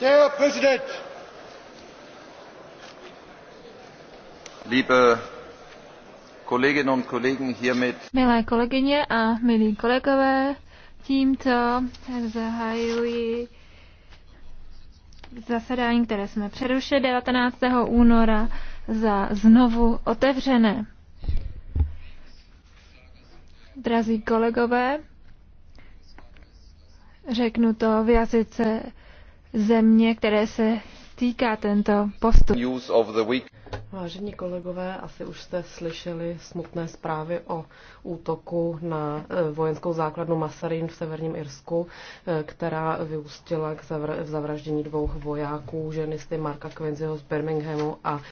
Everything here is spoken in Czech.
Der Präsident! Liebe Kolleginnen und Kollegen, hiermit... Milé kolegyně a milí kolegové, tímto zahajuji zasedání, které jsme přerušili 19. února za znovu otevřené. Drazí kolegové, řeknu to v jazyce země, které se týká tento postup. Vážení kolegové, asi už jste slyšeli smutné zprávy o útoku na eh, vojenskou základnu Masarin v severním Irsku, eh, která vyústila k zavraždění dvou vojáků, ženisty Marka Quincyho z Birminghamu a